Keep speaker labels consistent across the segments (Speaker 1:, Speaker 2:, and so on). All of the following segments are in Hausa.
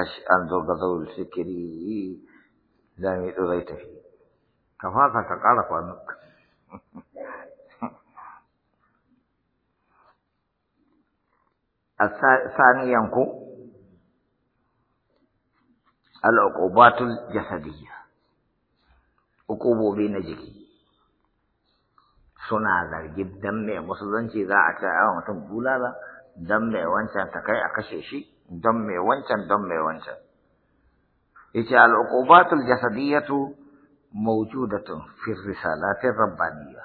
Speaker 1: an zo ga gazawul fikiri zami yi zai tafi ka fasa ka ƙara kwano a saniyan ko al'uqubatul jasadiyya uqubobi na jiki suna zargi dan mai musulunci za a ta mutum bulala dan mai wancan ta kai a kashe shi don mai wancan don mai wancan yace al-uqubatul jasadiyatu mawjudatun fi risalatir rabbaniya.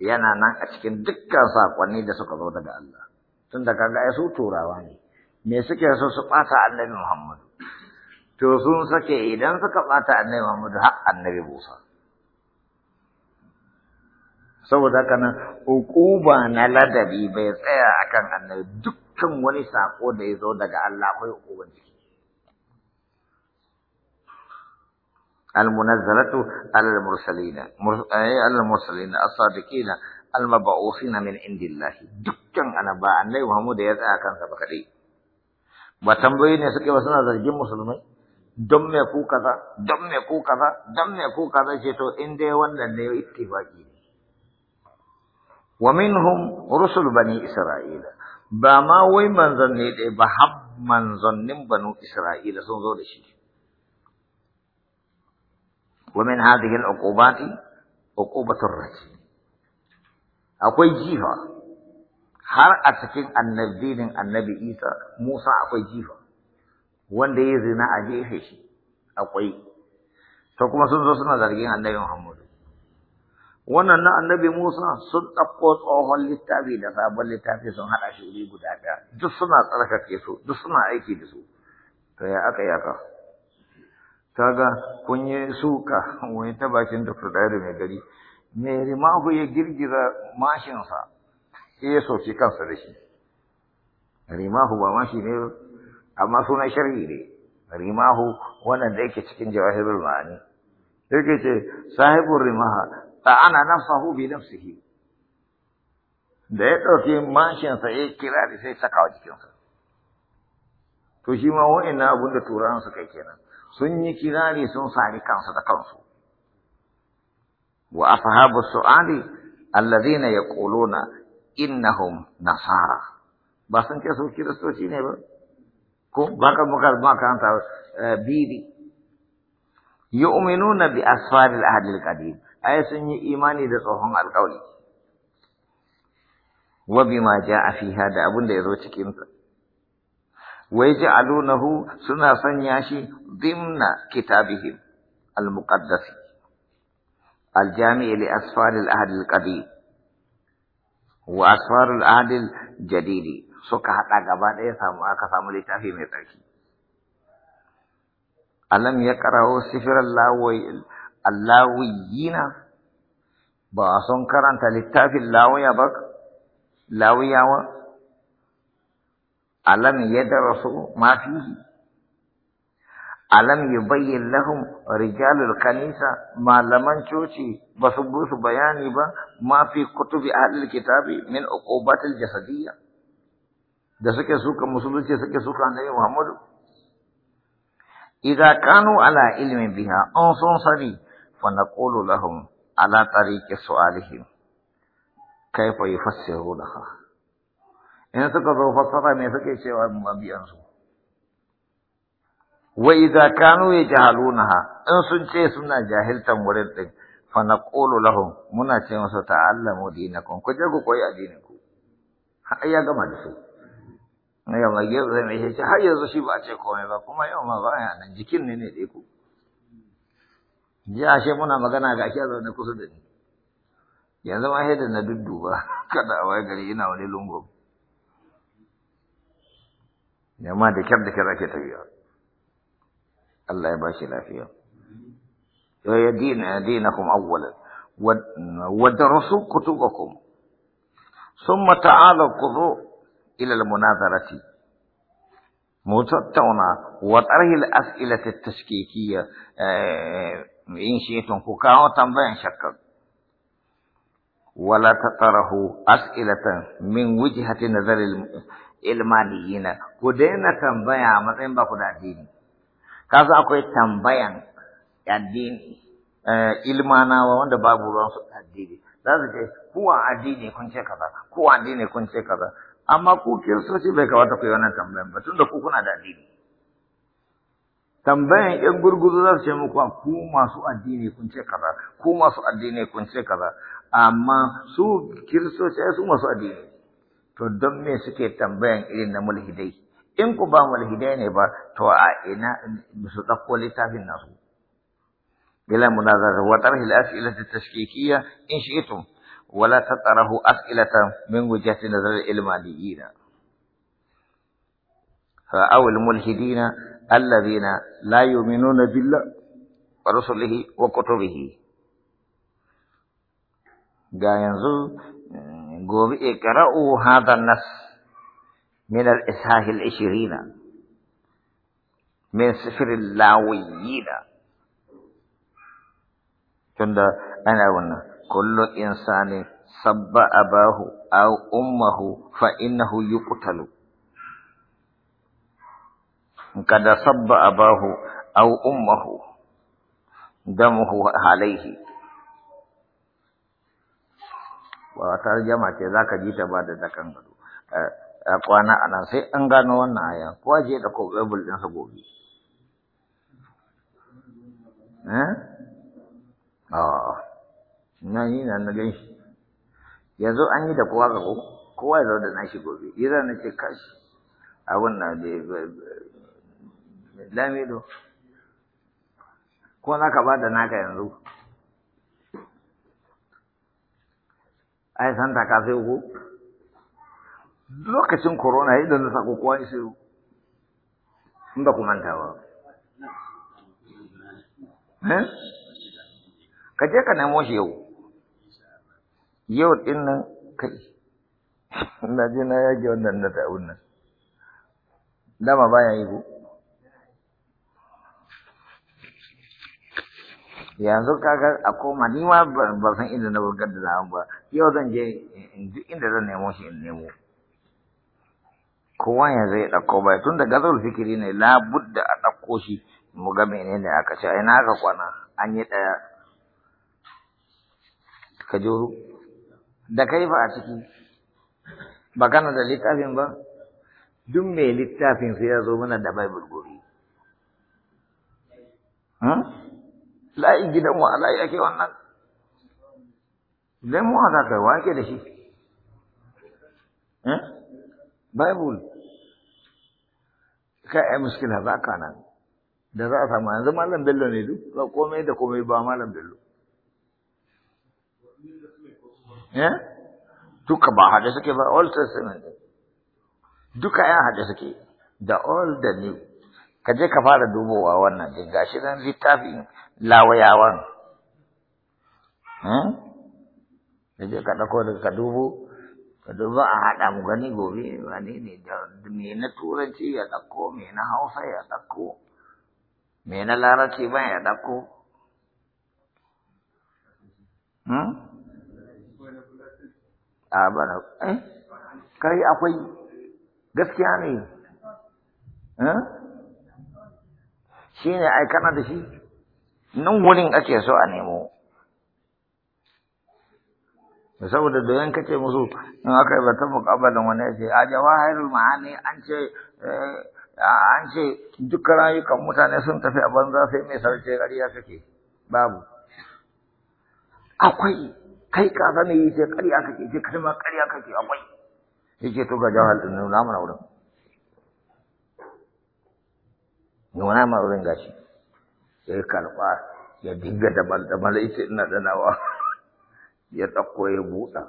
Speaker 1: yana nan a cikin dukkan saƙonni da suka zo daga Allah tun da kaga su turawa ne me suke so su bata annabi Muhammadu to sun sake idan suka bata annabi Muhammadu har annabi Musa saboda haka nan uquba na ladabi bai tsaya akan annabi duk cin wani saƙo da ya zo daga Allah akwai hukumar ciki. المنزلة على المرسلين على المرسلين الصادقين المبعوثين من عند الله دكتن أنا با أني محمد يدعى كان سبقري وتنبوي نسكي وسنا ذرجين مسلمين don me ku kaza don me ku kaza don me ku kaza ce to in dai wannan ne ittifaqi ne wa minhum rusul bani isra'ila ba ma wai manzanni ɗaya ba har manzannin banu Isra'ila sun zo da shi. ومن هذه العقوبات عقوبة الرجل Akwai jifa har a cikin annabinin annabi Isa Musa akwai jifa wanda ya zina a jefe shi akwai to kuma sun zo suna zargin annabi Muhammadu wannan na annabi Musa sun ɗauko tsohon littafi da sabon littafi sun haɗa shi wuri guda ɗaya duk suna tsarkake su duk suna aiki da su to ya aka yaka ga, kun yi suka wani ta bakin da furdari mai gari mai rimahu ya girgiza mashinsa ya soci kansa da shi rimahu ba mashi ne amma suna shari'i ne rimahu wannan da yake cikin jawahirul ma'ani yake ce sahibul rimaha ana nafsahu bi nafsihi da ya ɗauki mashinsa ya kira da sai saka wa jikinsa to shi ma wa'annan abun da turan suka yi kenan sun yi kirari sun sari kansu da kansu wa ashabu su'ali alladhina yaquluna innahum nasara ba sun ce su kiristoci ne ba ko baka muka makanta eh, bibi yu'minuna bi asfaril ahli al-qadim ai sun yi imani da tsohon alƙawari wa bima ja'a fi da abin da yazo cikin Wai wa yaj'alunahu suna sanya shi dimna kitabihim al-muqaddas al-jami' li asfar al-ahd wa asfar al-ahd suka hada gaba daya samu aka samu littafi mai tsarki alam yaqra'u sifra al اللاويين باسون كران تلتا في اللاوية بك اللاوية و ألم يدرسوا ما فيه ألم يبين لهم رجال الكنيسة ما لمن شوشي بسبوس بياني با ما في كتب أهل الكتاب من عقوبات الجسدية جسك سوك مسلوك جسك سوك عندي محمد إذا كانوا على علم بها أنصن صديق Fanaƙulu la hanu, ala ɗari ke su Alihin, kai In suka zo fasara ne suke cewa mabi'anzu. Wai idan Kano ya ji halunaha? In sun ce suna jahiltan wurin ɗin. Fanaƙulu la muna ce masa ta'alla mu dina kanku, jeku koyi addininku. Ai ya gama da su. Yaya magezu zai nisha shi har yanzu shi ba ce ko ba kuma yawon ba bayanan jikin ne ne da ya ashe muna magana ga ake zaune kusa da ni yanzu ma sai da na dudduba kada a waye gari ina wani lungo yamma da kyar da kyar ake tafiya Allah ya bashi lafiya ya ya dina dinakum awwalan wa darasu kutubakum thumma ta'ala qudhu ila al-munazarati متتونا وطرح الأسئلة التشكيكية in tun ku kawo tambayan shakkar wala ta tarahu as'ilatan min wujhati nazaril ilmaniyina ku daina tambaya a matsayin ba ku da addini kaza akwai tambayan addini eh, ilmanawa wanda babu ruwan su addini za su ce kuwa addini kun ce kaza kuwa addini kun ce kaza amma ku kiristoci bai kamata ku yi wannan tambayan ba tunda ku kuna da addini tambayan yan gurguzu za su ce muku ku masu addini kun ce kaza ku masu addini kun ce kaza amma su kiristoci su masu addini to don me suke tambayan irin na mulhidai in ku ba mulhidai ne ba to a ina su ɗauko littafin nasu bila munazara wa بلا مناظرة وطرح الأسئلة التشكيكية إن شئتم ولا تطرح أسئلة من وجهة نظر العلمانيين أو الملحدين الذين لا يؤمنون بالله ورسله وكتبه ga yanzu gobe ikra'u hadha nas min al-ishah al-20 min sifr al-lawiyyin tunda ana wannan kullu insani sabba abahu aw ummuhu fa innahu yuqtalu kada sabba abahu aw ummahu damuhu alaihi ba tarjama ce zaka ji ta ba da dakan gado a kwana ana sai an gano wannan aya ko je da ko bible din gobe eh ah na ni na na yanzu an yi da kowa ga kowa ya zo da nashi gobe yira na ce kashi abun na da lamido ko za ka ba da naka yanzu ai santa ka sai ku lokacin corona idan na sako kowa ya sai in ba ku manta ba eh? ka je ka nemo shi yau yau din nan kai na je na yage wannan na ta'un nan dama baya yi ku yanzu kaga a koma ni ma ba san inda na burgar da zaman ba yau zan je duk inda zan nemo shi in nemo kowa yanzu ya ɗauko ba tun da gazal fikiri ne labudda a ɗauko shi mu ga menene aka ce ai na ka kwana an yi ɗaya ka da kai ba a ciki ba kana da littafin ba duk mai littafin sai ya zo mana da bai burguri layin gidan mu a layi ake wannan idan mu za kai wa ake da shi eh? bible ka ai muskila za ka nan da za a samu yanzu malam bello ne duk ba komai da komai ba malam bello eh duka ba haɗe suke ba all testament duka ya haɗe suke da old the new ka je ka fara dubowa wannan din gashi nan littafin lawayawan hmm? ka je ka ɗauko daga ka dubo ka dubo a haɗa mu gani gobe wani ne me na turanci ya ɗauko me na hausa ya ɗauko me na larabci ba ya ɗauko hmm? a bana eh kai akwai gaskiya ne hmm? shi ne ai kana da shi nan wurin ake so a nemo saboda doyan ce musu in aka yi batun mukabalin wani ya ce a jawahirul ma'ani an ce eh, an ce dukkan rayukan mutane sun tafi a banza sai mai sarce ƙarya kake babu akwai kai ka sani ce ƙarya kake ce kai ma ƙarya kake akwai yake to ga jawahal din nuna mana wurin nuna ma wurin gashi ya karɓa ya dinga dabal daban ya ina da nawa ya ɗauko ya buɗa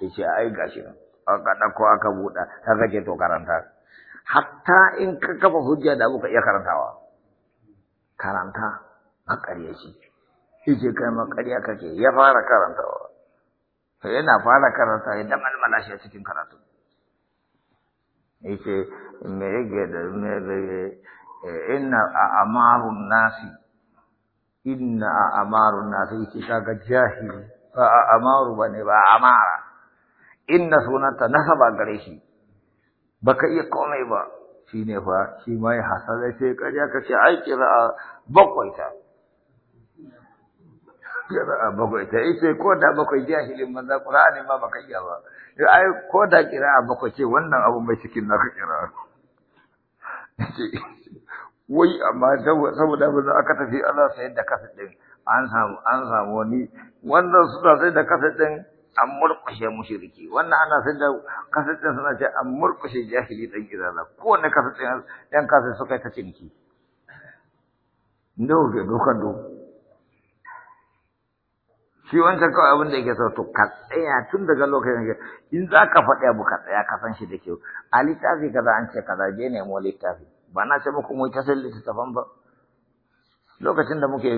Speaker 1: ya ce ai gashi nan aka ɗauko aka buɗa ta kake to karanta hatta in ka kafa hujja da muka iya karantawa karanta a ƙarya shi ce kai ma ƙarya kake ya fara karantawa sai yana fara karanta ya dan almala shi a cikin karatu yace me yake da me Eh, inna a'marun nasi inna a'marun nasi ki kaga jahili fa a'maru bane ba amara inna sunanta nasaba gare shi baka iya komai ba shine fa shi mai hasala sai ka ja ka ce ai kira bakwai ta kira bakwai ta ita ko da bakwai jahilin manzo qur'ani ma baka iya ba ai ko da kira bakwai ce wannan abun bai cikin naka kira wai amma saboda ba za aka tafi ana sayar da kasa ɗin an samu an samu wani wannan suna sayar da kasa ɗin an murƙushe mushriki wannan ana sayar da kasa ɗin suna ce an murƙushe jahili ɗan gidana kowane kasa ɗin ɗan kasa suka yi ta ciniki. Ndo ga dokan dokan. shi wancan kawai abin da yake so to ka tsaya tun daga lokacin da in za ka faɗi abu ka tsaya ka san shi da kyau a littafi kaza an ce kaza je nemo littafi ba na ce muku mu ta san littafan ba lokacin da muke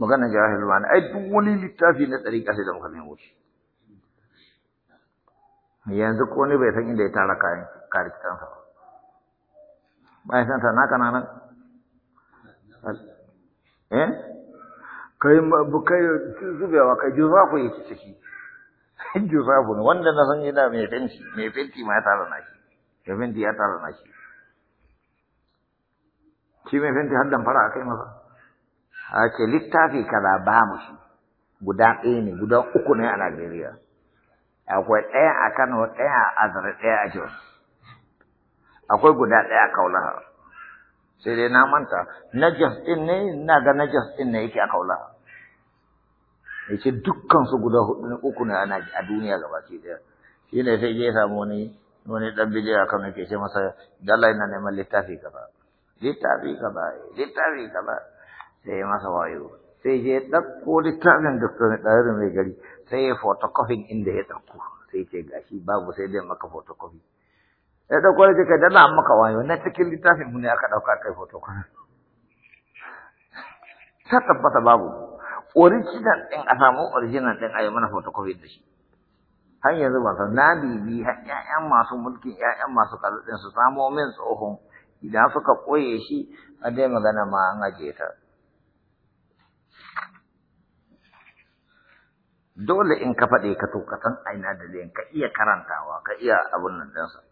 Speaker 1: maganar jahil wani ai duk wani littafi na tsari sai da muka nemo shi yanzu ko ne bai san inda ya tara kayan karistansa ba bayan san sana kana nan eh kai kai zubewa kai juzafu yake ciki juzafu ne wanda na san yana mai fenti mai fenti ma ya tara na shi mai fenti ya tara na shi shi mai fenti har dan fara akai masa a ce littafi kaza ba mu shi guda ɗaya ne guda uku ne a Najeriya akwai ɗaya a Kano ɗaya a Azare ɗaya a Jos akwai guda ɗaya a Kaulaha sai dai na manta najas din ne ina ga najas din ne yake a kaula yace dukkan su guda hudu ne uku ne a duniya gabaki daya shine sai ya samu wani wani dan bidiya kan yake ce masa dalla ina neman littafi kaza littafi kaza littafi kaza sai masa wayo sai je ɗauko littafin doktor ɗarin mai gari sai ya photocopy inda ya ɗauko sai ce gashi babu sai dai maka photocopy ya ɗauko da kai dana an maka wayo na cikin littafin mu ne aka ɗauka kai hoto kana ta tabbata babu original ɗin a samu original ɗin a yi mana photocopy da shi har yanzu ba san na bibi ƴaƴan masu mulkin ƴaƴan masu kaza ɗin su samo min tsohon idan suka koye shi a dai magana ma an ajiye ta dole in ka faɗe ka to ka san aina da ka iya karantawa ka iya abun nan ɗinsa